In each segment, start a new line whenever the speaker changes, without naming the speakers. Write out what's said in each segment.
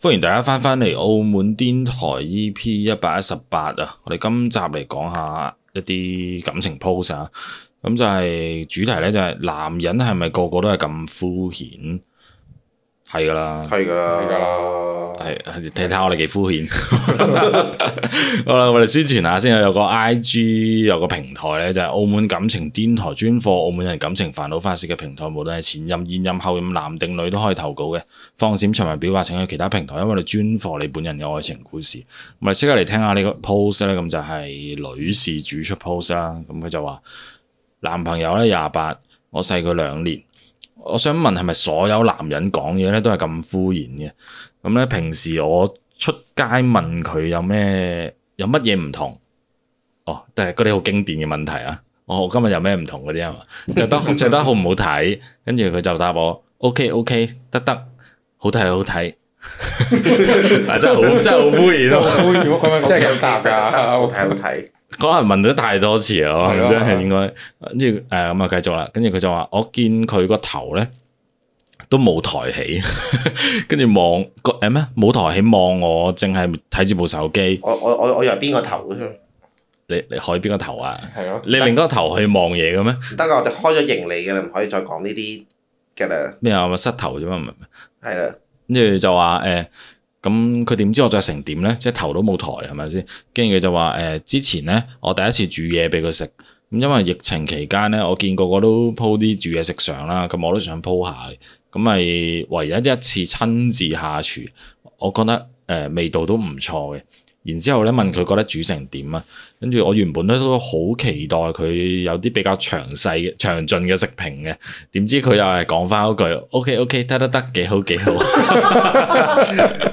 歡迎大家翻返嚟澳門癲台 EP 一百一十八啊！我哋今集嚟講下一啲感情 pose 啊，咁就係主題咧就係、是、男人係咪個個都係咁敷衍？係噶啦，係噶啦，係睇睇我哋幾敷衍。 好啦，我哋宣傳下先，有個 I G 有個平台呢，就係、是、澳門感情癲台專貨澳門人感情煩惱發洩嘅平台，無論係前任、現任、後任，男定女都可以投稿嘅。放閃尋人表白請去其他平台，因為我哋專貨你本人嘅愛情故事。我哋即刻嚟聽，聽下呢個 post 呢？咁就係女事主出 post 啦。咁佢就話男朋友呢？廿八，我細佢兩年。我想問係咪所有男人講嘢咧都係咁敷衍嘅？咁咧平時我出街問佢有咩有乜嘢唔同？哦，都係嗰啲好經典嘅問題啊！哦，我今日有咩唔同嗰啲啊？著得著得好唔好睇？跟住佢就答我：OK OK，得得好睇好睇， 真係好真係好敷衍咯！敷衍，我真係咁答㗎，好睇好睇。可能問咗太多次咯，真係應該跟住誒咁啊，繼續啦。跟住佢就話：我見佢個頭咧都冇抬起，跟住望個誒咩冇抬起望我，淨係睇住部手機。
我我我我以為邊個頭啫？
你你可以邊個頭
啊？係咯，你另一個頭去
望嘢嘅咩？
得噶，我哋開咗盈利嘅，你唔可以再講呢啲嘅啦。
咩啊？膝頭啫嘛，唔係。係啊，跟住就話誒。咁佢點知我著成點呢？即係頭都冇抬，係咪先？跟住佢就話誒、呃，之前呢，我第一次煮嘢俾佢食，咁因為疫情期間呢，我見個個都 po 啲煮嘢食相啦，咁我都想 po 下，咁咪唯一一次親自下廚，我覺得誒、呃、味道都唔錯嘅。然之後咧問佢覺得煮成點啊？跟住我原本咧都好期待佢有啲比較詳細、詳盡嘅食評嘅，點知佢又係講翻嗰句：OK OK，得得得，幾好幾好，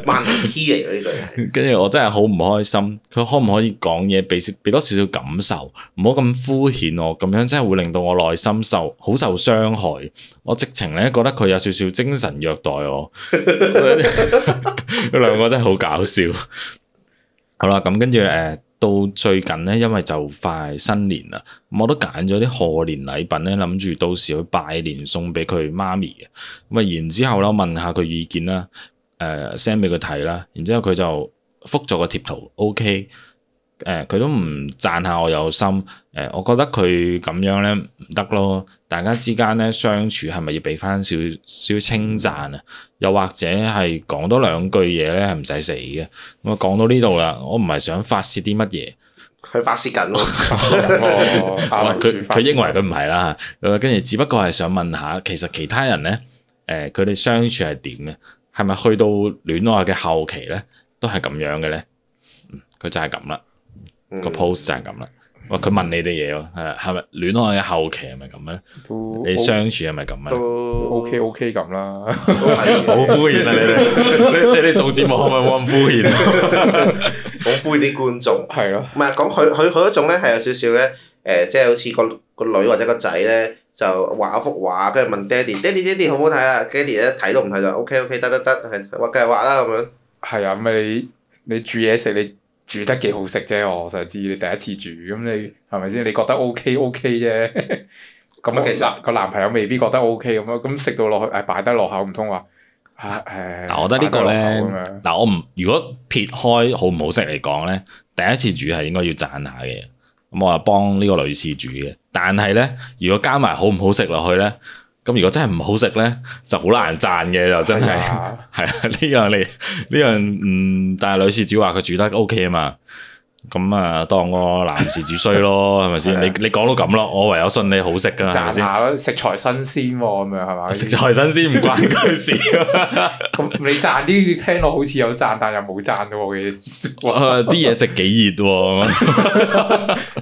漫氣嚟呢句。跟住 我真係好唔開心，佢可唔可以講嘢俾少俾多少少感受，唔好咁敷衍我，咁樣真係會令到我內心受好受傷害。我直情咧覺得佢有少少精神虐待我，佢兩 個真係好搞笑。好啦，咁跟住誒到最近咧，因為就快新年啦，嗯，我都揀咗啲賀年禮品咧，諗住到時去拜年送俾佢媽咪嘅。咁啊，然之後咧問下佢意見啦，誒 send 俾佢睇啦，然之後佢就覆咗個貼圖，OK。誒佢、欸、都唔讚下我有心誒、欸，我覺得佢咁樣咧唔得咯。大家之間咧相處係咪要俾翻少少稱讚啊？又或者係講多兩句嘢咧係唔使死嘅、嗯。我講到呢度啦，我唔係想發泄啲乜嘢，
佢發泄緊咯。
佢佢認為佢唔係啦，跟住只不過係想問下，其實其他人咧誒佢哋相處係點嘅？係咪去到戀愛嘅後期咧都係咁樣嘅咧？佢、嗯、就係咁啦。個 post、嗯、就係咁啦，喂佢問你哋嘢咯，係咪戀愛嘅後期係咪咁咧？哦、你相處係咪咁啊？哦哎、都 OK OK 咁啦，好敷衍啊你哋，
你你，
你做節目係咪冇咁敷衍？冇敷衍啲觀眾係咯，唔係講佢佢佢一種咧係有少少咧，誒、呃、即係好似個個女或者個仔咧就畫一幅畫，跟住問爹哋爹哋爹哋好唔好睇啊？爹哋一睇都唔睇就 OK OK 得得得，係畫繼續畫啦咁
樣。係啊，咪你你煮嘢食你。你你煮得幾好食啫，我就知你第一次煮，咁你係咪先？你覺得 OK OK 啫，咁 啊我，其實個男朋友未必覺得 OK 咁、哎、啊，咁食到落去，誒，擺得落口，唔通話啊誒？嗱，我覺得個呢個咧，
嗱，我唔如果撇開好唔好食嚟講咧，第一次煮係應該要讚下嘅，咁我話幫呢個女士煮嘅，但係咧，如果加埋好唔好食落去咧。咁如果真係唔好食咧，就好難賺嘅就真係。係啊，呢樣你呢樣嗯，但係女士只話佢煮得 OK 啊嘛。咁啊，當我男士煮衰咯，係咪先？你你講到咁咯，我唯有信你好食噶，係咪先？食材新
鮮咁樣係嘛？食材新鮮唔關佢事。咁你賺啲，你聽落好似有賺，但又冇賺噶喎。
啲嘢食幾熱，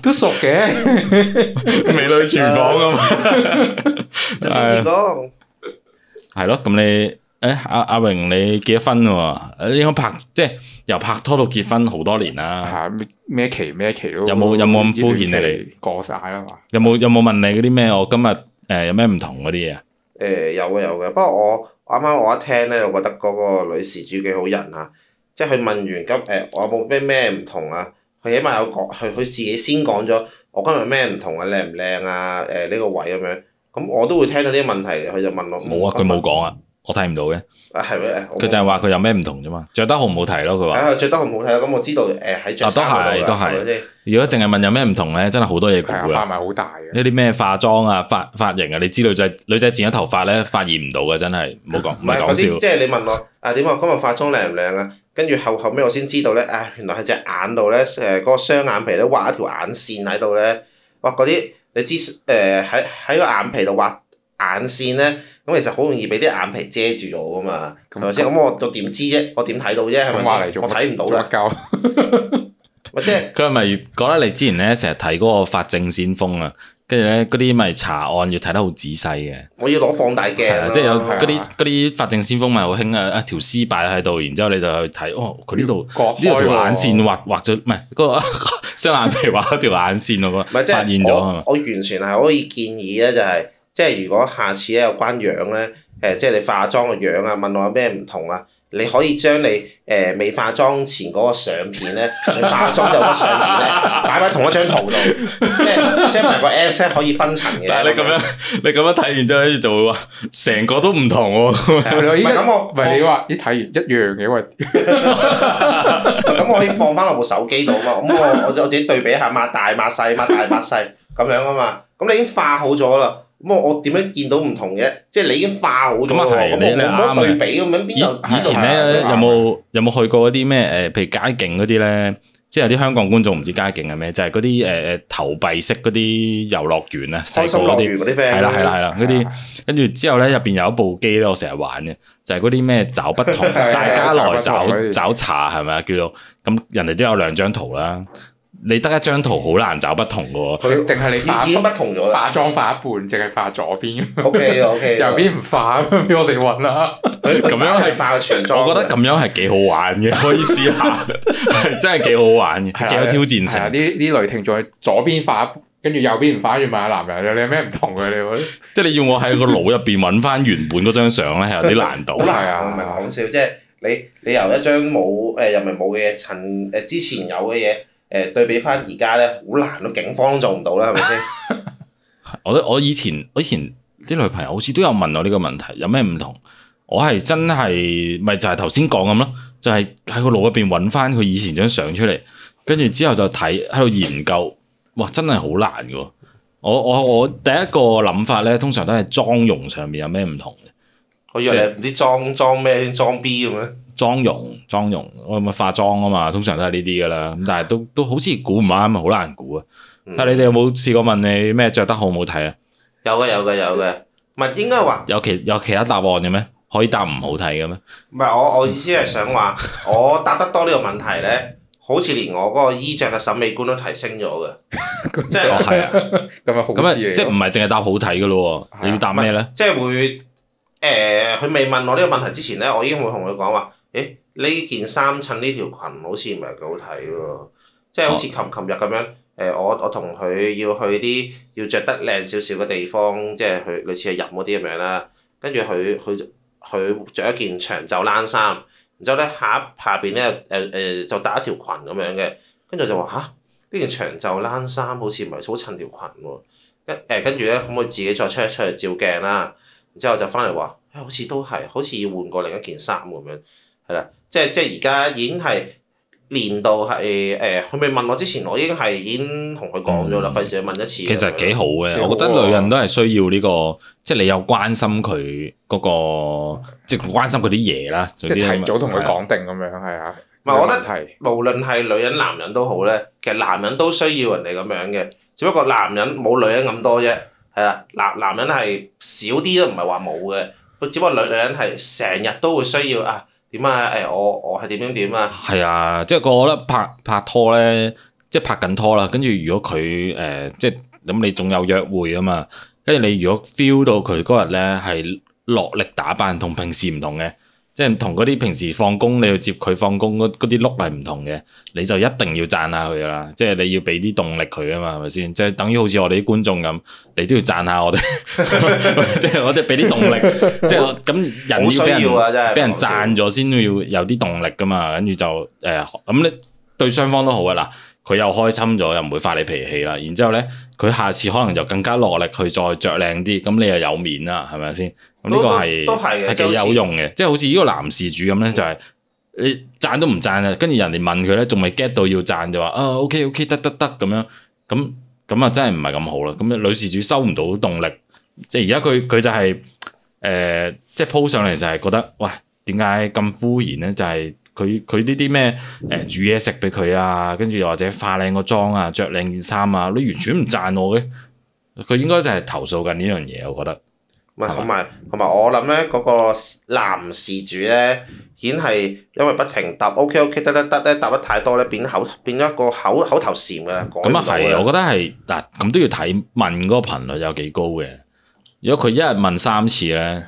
都
熟嘅。美女廚房啊嘛，
就食係咯，咁你。誒阿阿榮，你結咗婚喎？應該拍即係由拍拖到結婚好多年啦。嚇，咩期咩期都？有冇有冇咁敷衍你哋過晒啊嘛？有冇有冇問你嗰啲咩？我今日誒有咩唔同嗰啲嘢啊？
誒有嘅有嘅，不過我啱啱我一聽咧，我覺得嗰個女事主幾好人嚇，即係佢問完咁誒，我有冇咩咩唔同啊？佢起碼有講，佢佢自己先講咗我今日咩唔同啊？靚唔靚啊？誒呢個位咁樣，咁我都會
聽到啲問題，佢就問我冇啊，佢冇講啊。我睇唔到嘅，係佢就係話佢有咩唔同啫嘛，着得，啊，得好唔好睇咯？佢話，
着得好唔好睇？咁我知道誒喺着衫嗰度啦。呃
啊、吧。如果淨係問有咩唔同咧，真係好多嘢。化埋好大嘅呢啲咩化妝啊，髮髮型啊，你知女仔女仔剪咗頭髮咧，發現唔到嘅真係，唔好講唔好講笑。即
係你問我啊？點啊？今日化妝靚唔靚啊？跟住後後尾我先知道咧，啊原來係隻眼度咧誒，嗰個雙眼皮咧畫一條眼線喺度咧，哇！嗰啲你知誒喺喺個眼皮度畫。眼線咧，咁其實好容易俾啲眼皮遮住咗噶嘛，明唔明先？咁我就點知啫？我點睇到啫？係咪先？我睇唔到啦。夠。
或者佢係咪覺得你之前咧成日睇嗰個法證先鋒啊？跟住咧嗰啲咪查案要睇得好仔細嘅。
我要攞放大鏡、係啊。即係有嗰啲
啲法證先鋒咪好興啊！一條絲擺喺度，然之後你就去睇哦。佢呢度呢度條眼線畫、嗯、畫咗，唔係嗰個雙眼皮畫咗條眼線咯。唔係、就係、發現咗啊嘛！
我完全係可以建議咧、就係，就係。即係如果下次咧有關樣咧，誒，即係你化妝個樣啊，問我有咩唔同啊？你可以將你誒未化妝前嗰個相片咧，化妝之後個相片咧擺喺同一張圖度，即係即係唔係個 a p p s 可以分層嘅？
你咁樣，你咁樣睇完
之後，就會話成個都唔同喎。咁，我唔係你話你睇完一樣嘅
喂，咁 我可以放翻落部手機度嘛？咁我我我自己對比下，擘大擘細，擘大擘細咁樣啊嘛？咁你已經化好咗啦。唔我點樣見到唔同嘅？即係你已經化好咁啊係，你你啱啊。咁樣邊以前咧，有冇
有冇去過嗰啲咩誒？譬如街景嗰啲咧，即係有啲香港觀眾唔知街景係咩，就係嗰啲誒誒投幣式嗰啲遊樂園啊，細個嗰啲。開心樂園嗰啲啦係啦係啦，啲跟住之後咧，入邊有一部機咧，我成日玩嘅，就係嗰啲咩找不同，大家來找找碴係咪啊？叫做咁，人哋都有兩張圖啦。你得一張圖好難找不同嘅喎，定係你化不同咗，化妝化一半，淨係化左邊。O K O K，右邊唔化，咁我哋揾啦。咁樣係化個全妝，我覺得咁樣係幾好玩嘅，可以試下，真係幾好玩嘅，幾有挑戰性。呢呢雷
霆喺左邊化，跟住右邊唔化，跟住問阿男人你有咩唔同嘅？你即
係你要我喺個腦入邊揾翻原本嗰張相咧，係有啲難度。係啊，
我唔係講笑，即係你你由一張冇誒又唔係冇嘅嘢，陳誒之前有嘅嘢。誒對比翻而家咧，好難咯，警方都做唔到啦，係咪先？
我 我以前我以前啲女朋友好似都有問我呢個問題，有咩唔同？我係真係咪就係頭先講咁咯？就係喺個腦入邊揾翻佢以前張相出嚟，跟住之後就睇喺度研究。哇，真係好難嘅喎！我我我第一個諗法咧，通常都係妝容上面有咩唔同。
我以為唔知裝裝咩裝 B 咁樣！
妝容，妝容，我、哦、咪化妝啊嘛，通常都係呢啲噶啦。咁但係都都好似估唔啱，咪好難估啊。嗯、但係你哋有冇試過問你咩着得好唔好睇啊？
有嘅，有嘅，有嘅。唔係應該話
有其有其他答案嘅咩？可以答唔好睇嘅咩？
唔係我我意思係想話、嗯、我答得多呢個問題咧，好似連我嗰個衣着嘅審美觀都提升咗
嘅。 即係係、哦、啊，
咁啊咁啊，即係
唔係淨係答好睇嘅咯？你要答咩咧？
即係會誒，佢、呃、未問我呢個問題之前咧，我已經會同佢講話。誒呢件衫襯呢條裙好似唔係幾好睇喎，即係好似琴琴日咁樣，誒、啊呃、我我同佢要去啲要着得靚少少嘅地方，即係去類似去入嗰啲咁樣啦。跟住佢佢佢著一件長袖冷衫，然之後咧下呢、呃呃、一下邊咧誒誒就搭一條裙咁樣嘅，跟住就話嚇，呢件長袖冷衫好似唔係好襯條裙喎、啊。跟誒跟住咧可唔可以自己再出一出去照鏡啦、啊？然之後就翻嚟話，誒好似都係，好似要換過另一件衫咁樣。係啦，即係即係而家已經係練到。係、呃、誒，佢未問我之前，我已經係已經同佢講咗啦，費事去問一次。其實幾好嘅，好，我覺得女人
都係需要呢、這個，即係你有關心佢嗰、那個，即係關心佢啲嘢啦。即係提早同佢講
定咁樣。係啊，唔係我覺得無論係女人、男人都好咧，其實男人都需要人哋咁樣嘅，只不過男人冇女人咁多啫。係啊，男男人係少啲都唔係話冇嘅，只不過女女人係成日都會需要啊。點啊？誒、哎、我我係點樣點啊？
係啊，即係個我覺得拍拍拖咧，即係拍緊拖啦。跟住如果佢誒、呃、即係咁，你仲有約會啊嘛？跟住你如果 feel 到佢嗰日咧係落力打扮，同平時唔同嘅。即係同嗰啲平時放工你要接佢放工嗰啲碌係唔同嘅，你就一定要贊下佢啦。即係你要俾啲動力佢啊嘛，係咪先？即係等於好似我哋啲觀眾咁，你都要贊下我哋， 即係我哋俾啲動力。 即係咁人要俾人贊咗先要有啲動力噶嘛。跟住就誒咁，呃、你對雙方都好啊。嗱，佢又開心咗，又唔會發你脾氣啦。然之後咧，佢下次可能就更加落力去再着靚啲。咁你又有面啦，係咪先？呢個係都係係幾有用嘅，用即係好似呢個男事主咁咧、嗯，就係你贊都唔贊嘅，跟住人哋問佢咧，仲未 get 到要贊就話啊，OK OK 得得得咁樣，咁咁啊真係唔係咁好啦，咁女事主收唔到動力，即係而家佢佢就係、是、誒、呃，即係 po 上嚟就係覺得，喂，點解咁敷衍咧？就係佢佢呢啲咩誒，煮嘢食俾佢啊，跟住又或者化靚個妝啊，着靚件衫啊，你完全唔贊我嘅，佢應該就係投訴緊呢樣嘢，我覺得。
唔同埋同埋我諗咧嗰個男事主咧，顯係因為不停答 OK OK 得得得咧，答得太多咧，變口變咗一個口口頭禪嘅啦。咁啊係，我
覺得係嗱，咁都要睇問嗰個頻率有幾高嘅。如果佢一日問三次咧，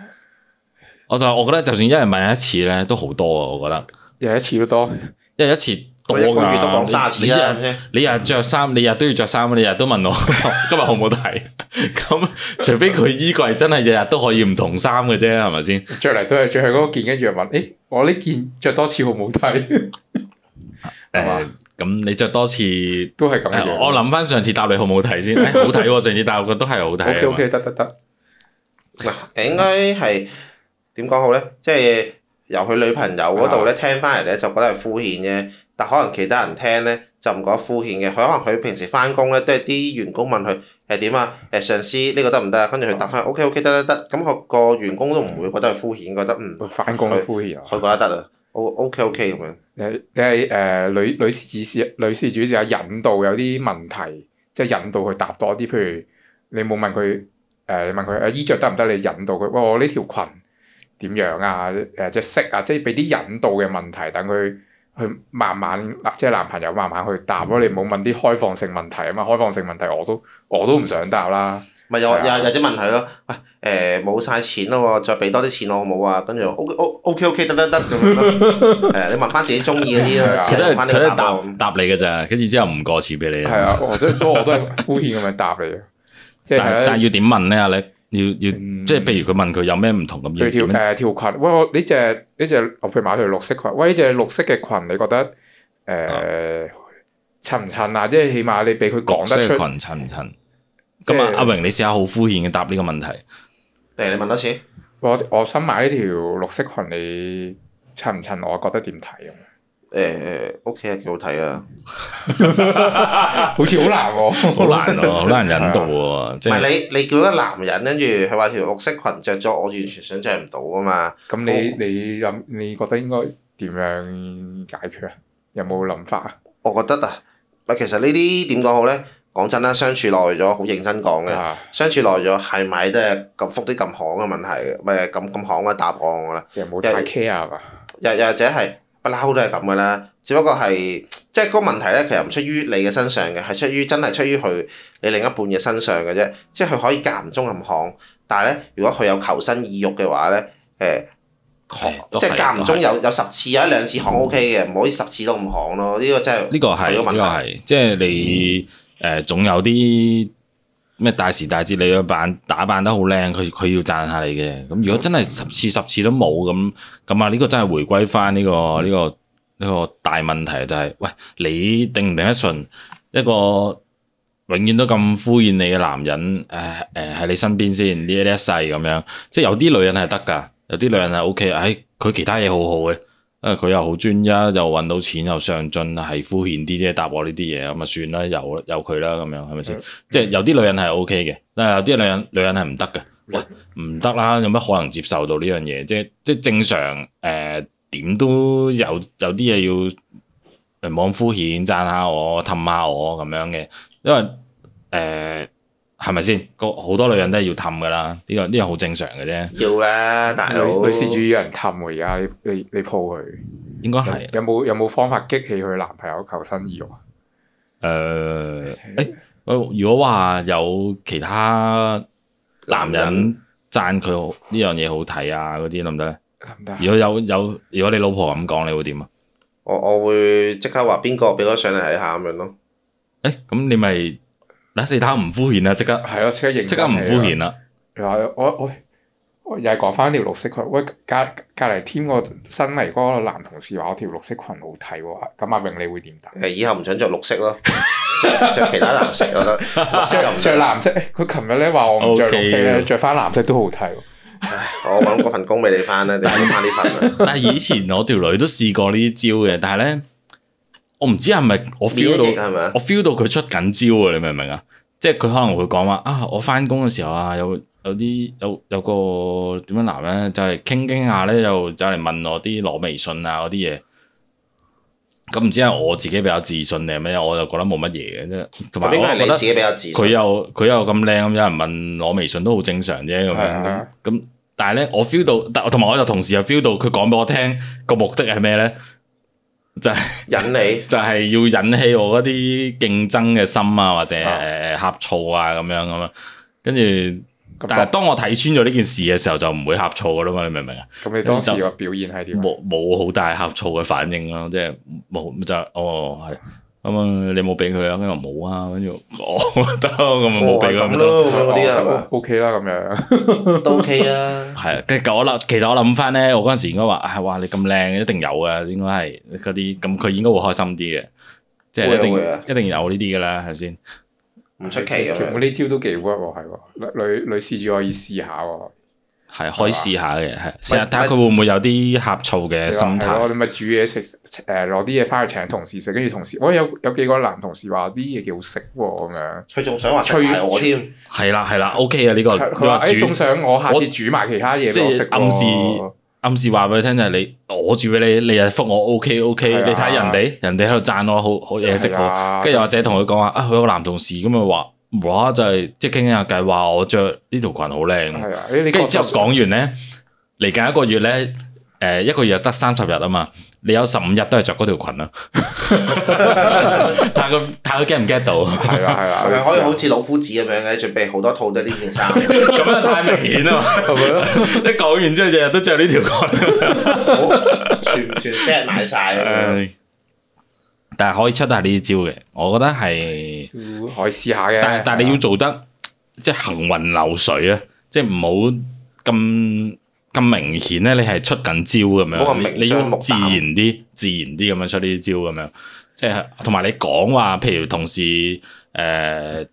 我就我覺得就算一日問一次咧都好多啊！我覺得一日一次都多， 一日一次。一個月都講三次啊！你日着衫，你日都要着衫，你日都問我今日好唔好睇？咁除非佢衣櫃真係日日都可以唔同衫嘅啫，係咪先？着嚟都係着去嗰件，跟住又問：誒，我呢件着多次好唔好睇？誒，咁你着多次都係咁樣。我諗翻上次搭你好唔好睇先？好睇喎！上次搭我覺得都係好睇。O K O K，得得得。嗱，
應該係點講好咧？即係。由佢女朋友嗰度咧，聽翻嚟咧就覺得係敷衍啫。但可能其他人聽咧就唔覺得敷衍嘅。佢可能佢平時翻工咧都係啲員工問佢誒點啊，誒、欸、上司呢個得唔得啊？跟住佢答翻 OK OK 得得得。咁個個員工都唔會覺得係敷衍，覺得嗯翻工都敷衍啊。佢覺得得啊。O OK
OK 咁樣。你係誒、呃、女女事主女士主持啊？引導有啲問題，即、就、係、是、引導佢答多啲。譬如你冇問佢誒、呃，你問佢誒、呃、衣着得唔得？你引導佢哇我呢條裙。點樣啊？誒，即係識啊，即係俾啲引導嘅問題，等佢去慢慢即係男朋友慢慢去答咯。嗯、你唔好問啲開放性問題
啊嘛，開放性問題我都我都唔想答啦。咪又又或者問佢咯？喂、哎，誒冇晒錢咯喎，再俾多啲錢好我好唔好啊？跟住 OK O K O K 得得得咁樣啦。係 啊，你問翻自己中意嗰啲啊，其他唔關你事。 答
答你嘅咋？跟住之後唔過錢俾你。係、嗯嗯、啊，我都敷衍咁樣答你。即係 但係要點問咧？你？要要，即係譬如佢問佢有咩唔同咁樣做咩？條誒
條裙，喂我呢隻呢隻，我譬如買條綠色裙，喂呢隻綠色嘅裙你覺得誒襯唔襯啊？即係起碼你俾佢講得出。裙襯
唔襯？咁啊在，阿榮你試下好敷衍嘅答呢個問題。
你問多次。我我想買呢條綠色裙，你襯唔襯？我覺得點睇、啊？
誒屋企啊，幾好睇啊！
好似
好難
喎，好難咯，好難引導喎。唔係你你叫個男人咧，跟住佢話條綠色裙著咗，我完全想象唔到啊嘛。咁你你諗，你覺得應該點樣解決啊？有冇諗法啊？我覺得啊，唔係其實呢啲點講好咧？講真啦，相處耐咗，好認真講嘅。相處耐咗係咪都係咁敷啲咁行嘅問題？唔係咁咁行嘅答案㗎啦。即係冇太 care 啊嘛。又又或者係。不嬲都係咁嘅啦，只不過係即係嗰個問題咧，其實唔出於你嘅身上嘅，係出於真係出於佢你另一半嘅身上嘅啫。即係佢可以間唔中咁行，但係咧，如果佢有求生意欲嘅話咧，誒、欸，哎、即係間唔中有是有十次有一兩次行 O K 嘅，唔、嗯、可以十次都唔行咯。呢、這個真係呢個係呢個係，
即係你誒、呃、總有啲。咩大時大節你要扮打扮得好靚，佢佢要讚下你嘅。咁如果真係十次十次都冇咁咁啊，呢個真係回歸翻呢、呢個呢、嗯呢個呢、呢個大問題就係、是，喂，你頂唔頂得順一個永遠都咁敷衍你嘅男人？誒誒，喺你身邊先呢呢一世咁樣，即係有啲女人係得㗎，有啲女人係 O K，誒，佢其他嘢好好嘅。啊！佢又好專一，又揾到錢，又上進，係敷衍啲啫。答我呢啲嘢，咁咪算啦，有有佢啦，咁樣係咪先？嗯、即係有啲女人係 OK 嘅，但係有啲女人女人係唔得嘅。唔得啦，有乜可能接受到呢樣嘢？即即正常誒，點、呃、都有有啲嘢要誒，唔好敷衍讚下我，氹下我咁樣嘅，因為誒。呃係咪先？個好多女人都係要氹噶啦，呢樣呢樣好正常嘅啫。要啦，但係女事主要人氹噶而家，你你你抱佢，應該
係。有冇有冇方法激起佢男朋友求生意欲啊？誒、
呃，誒、欸，如果話有其他男人讚佢呢樣嘢好睇啊，嗰啲得唔得咧？得。如果有有，如果你老婆咁講，你會點啊？
我我會即刻話邊個俾我上嚟睇下咁樣咯。
誒、欸，咁你咪？嗱，你睇下唔敷衍啦，即刻係咯，即刻認，即刻唔敷衍啦。
我我又
係講翻條綠色裙。喂，隔隔離添個新嚟嗰個男同事話我條綠色裙好睇喎，咁阿榮，你會點睇？誒，以後唔想着綠色咯，着 其他顏
色。我覺得著著藍色。佢琴日咧話我唔着綠色咧，著翻 Okay. 藍色都好睇。 唉，我揾嗰份工俾你翻啦，你揾翻呢份啊。
但係以前我條女都試過呢啲招嘅，但係咧。我唔知係咪我 feel 到，我 feel 到佢出緊招啊！你明唔明啊？即係佢可能會講話啊，我翻工嘅時候啊，有有啲有有個點樣男咧，就嚟傾傾下咧，嗯、又就嚟問我啲攞微信啊嗰啲嘢。咁唔知係我自己比較自信定係咩？我就覺得冇乜嘢嘅啫。同埋，係你自己比較自信。佢又佢又咁靚，咁有人問攞微信都好正常啫。咁樣咁，但係咧，我 feel 到，但同埋我又同時又 feel 到，佢講俾我聽個目的係咩咧？ 就係引你，就係要引起我一啲競爭嘅心啊，或者誒呷、啊、醋啊咁樣咁樣。跟住，嗯、但係當我睇穿咗呢件事嘅時候，就唔會呷醋噶啦嘛，你明唔明啊？咁你當時個表現係點？冇冇好大呷醋嘅反應咯，即係冇就哦係。咁、嗯、啊，你冇俾佢啊？跟住冇啊，跟住我得，咁就冇俾佢咁都，咁嗰啲啊，O K 啦，咁樣都 O K 啊。係啊，其實我諗，其實我諗翻咧，我嗰陣時應該話，係、哎、哇，你咁靚，一定有嘅，應該係嗰啲，咁佢應該會開心啲嘅，即係一定一定有呢啲噶啦，係咪先？唔
出
奇啊！全部呢招都幾 work，係女女施主可以試下喎、啊。嗯
係可以試下嘅，係試下，睇下佢會唔會有啲呷醋嘅心態？
你咪煮嘢食，誒，攞啲嘢翻去請同事食，跟住同事，我有有幾個男同事話啲嘢幾好食喎，咁樣，佢仲想話催我添，
係啦係啦，OK 啊呢個，佢話仲想我下次煮埋其他嘢俾我食，暗示暗示話俾佢聽就係你我煮俾你，你又復我 OK OK，你睇人哋人哋喺度讚我好好嘢食，跟住又或者同佢講話啊，佢有個男同事咁樣話。話就係即係傾傾下計，話我着呢條裙好靚，跟住、啊欸、之後講完咧，嚟緊一個月咧，誒，一個月得三十日啊嘛，你有十五日都係着嗰條裙 有有啊，但佢但佢 get 唔 get 到？係啊係啊，係咪、 啊、可以
好似老夫子咁樣嘅準備好多套嘅呢件衫？咁 啊 太明顯啦嘛， 一講
完之後日日都着
呢條裙，算唔算 set 埋晒？
啊？ 但係可以出下呢啲招嘅，我覺得係可以試下嘅。但但你要做得是的 即行雲流水啊，的即唔好咁咁明顯咧。你係出緊招咁樣，你要自然啲的，自然啲咁樣出呢啲招咁樣。即係同埋你講話，譬如同事誒、呃，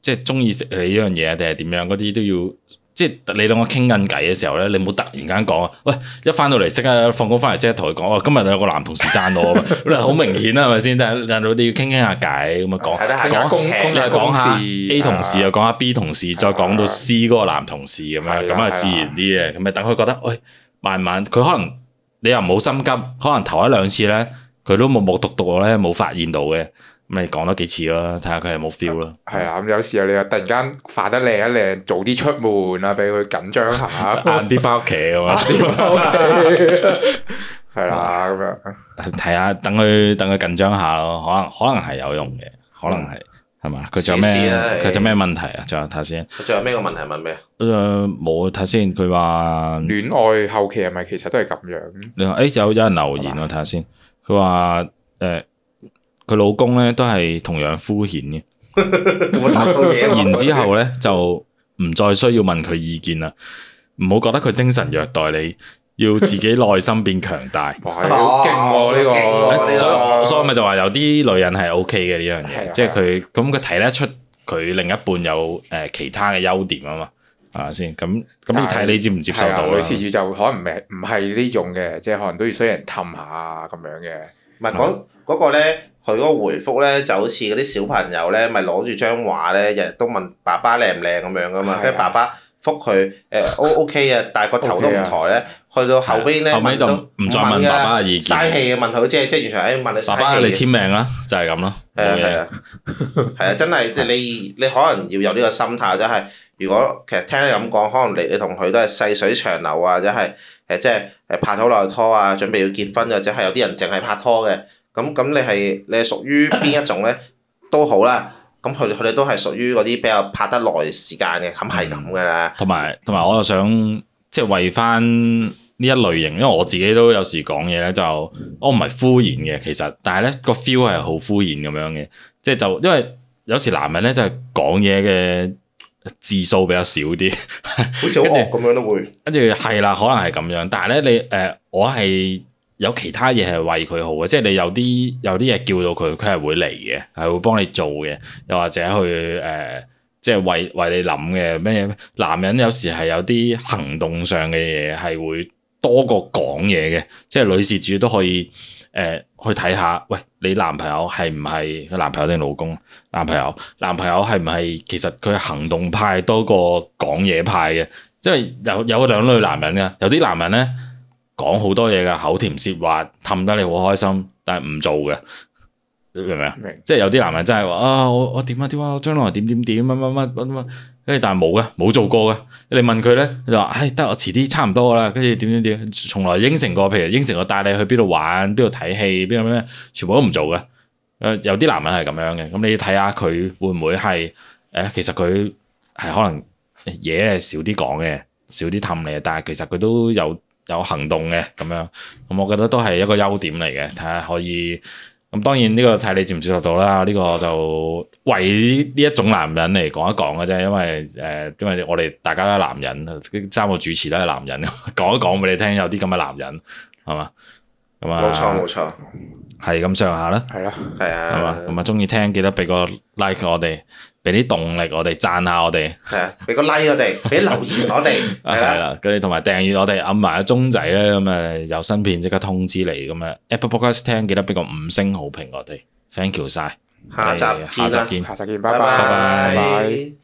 即係中意食你呢樣嘢，定係點樣嗰啲都要。即係你兩個傾緊偈嘅時候咧，你冇突然間講啊！喂，一翻到嚟即刻放工翻嚟即刻同佢講，今日有個男同事贊我，咁好 明顯啦，係咪先？但係但係你要傾傾下偈咁啊，講講說公公事公，A 同事又講下 B 同事，再講到 C 嗰個男同事咁、啊、樣，咁啊自然啲嘅。咁啊等佢覺得，喂，慢慢佢可能你又唔好心急，可能頭一兩次咧，佢都冇目獨獨我咧冇發現到嘅。咪講多幾次咯，睇下佢有冇 feel 咯。係啊，咁有時
啊，你又突然間化得靚一靚，早啲出門啊，俾佢緊張下，
晏啲翻屋企咁啊，係啦，咁樣睇下，等佢等佢緊張下咯，可能可能係有用嘅，可能係
係嘛，佢仲有咩？佢仲有咩
問題啊？仲有睇先，
仲有咩個問題問咩
啊？誒，冇睇先，佢話戀
愛後期係咪其實都係咁樣？
你話誒有有人留言啊，睇下先，佢話誒。佢老公咧都係同樣敷衍嘅，然之後咧就唔再需要問佢意見啦。唔好覺得佢精神虐待你，要自己內心變強大。哇，好勁
喎！
呢個，所所
以咪就話有啲女人係 OK 嘅呢樣嘢，即係佢咁佢睇得出佢另一半有誒其他嘅優點啊嘛，係咪先？咁咁你睇你接唔接受到啦。女事主就可能唔係唔係呢種嘅，即係可能都要衰人氹下咁
樣嘅。唔係嗰個咧，佢嗰個回覆咧就好似嗰啲小朋友咧，咪攞住張畫咧，日日都問爸爸靚唔靚咁樣噶嘛，跟住的爸爸覆佢誒 O O K 啊， 哎、okay，但係個頭都唔抬咧，去到後邊咧，問就唔再問爸爸嘅意見，嘥氣嘅問佢，即係即係完全喺問你嘥氣爸爸、啊、你簽
名啦，就係咁咯。
係啊係啊，係啊，真係你你可能要有呢個心態，即係如果其實聽你咁講，可能你你同佢都係細水長流啊，即係。誒即係誒拍咗耐拖啊，準備要結婚，或者係有啲人淨係拍拖嘅，咁咁你係你係屬於邊一種咧？ 都好啦，咁佢佢哋都係屬於嗰啲比較拍得耐時間嘅，咁係咁嘅啦。
同埋同埋，我又想即係為翻呢一類型，因為我自己都有時講嘢咧，就、嗯、我唔係敷衍嘅，其實，但係咧個 feel 係好敷衍咁樣嘅，即係就因為有時男人咧就係講嘢嘅。字數比較少啲，好似惡咁樣都會，跟住係啦，可能係咁樣。但係咧，你誒，我係有其他嘢係為佢好嘅，即係你有啲有啲嘢叫到佢，佢係會嚟嘅，係會幫你做嘅，又或者去誒，即係為為你諗嘅咩？男人有時係有啲行動上嘅嘢係會多過講嘢嘅，即係女事主都可以誒。呃去睇下，喂，你男朋友係唔係佢男朋友定老公？男朋友，男朋友係唔係其實佢係行動派多過講嘢派嘅？即係有有兩類男人嘅，有啲男人咧講好多嘢㗎，口甜舌滑，氹得你好開心，但係唔做嘅，明唔明啊？明白。即係有啲男人真係話啊，我我點啊點啊，我將來點點點乜乜乜乜乜。跟住但係冇嘅，冇做過嘅。你問佢咧，佢就話，唉、哎，得，我遲啲差唔多噶啦。跟住點點點，從來應承過，譬如應承我帶你去邊度玩，邊度睇戲，邊度咩，全部都唔做嘅。誒，有啲男人係咁樣嘅。咁你睇下佢會唔會係誒、呃？其實佢係可能嘢係少啲講嘅，少啲氹你，但係其實佢都有有行動嘅咁樣。咁我覺得都係一個優點嚟嘅，睇下可以。咁當然呢、這個睇你接唔接受到啦，呢、這個就為呢一種男人嚟講一講嘅啫，因為誒、呃，因為我哋大家都係男人，三個主持都係男人，講一講俾你聽，有啲咁嘅男人係嘛，咁啊。冇錯，冇錯。係咁上下啦，係啊，係啊，係嘛，咁啊中意聽記得俾個 like 我哋，俾啲動力我哋，讚下我哋，係啊，
俾個 like 我哋，俾 留言我哋，
係啦，佢哋同埋訂閱我哋，按埋阿鐘仔咧，咁啊有新片即刻通知你咁樣，Apple Podcast 聽記得俾個五星好評我哋，thank you 晒， 謝謝下集下集見，下集見，拜拜，拜拜。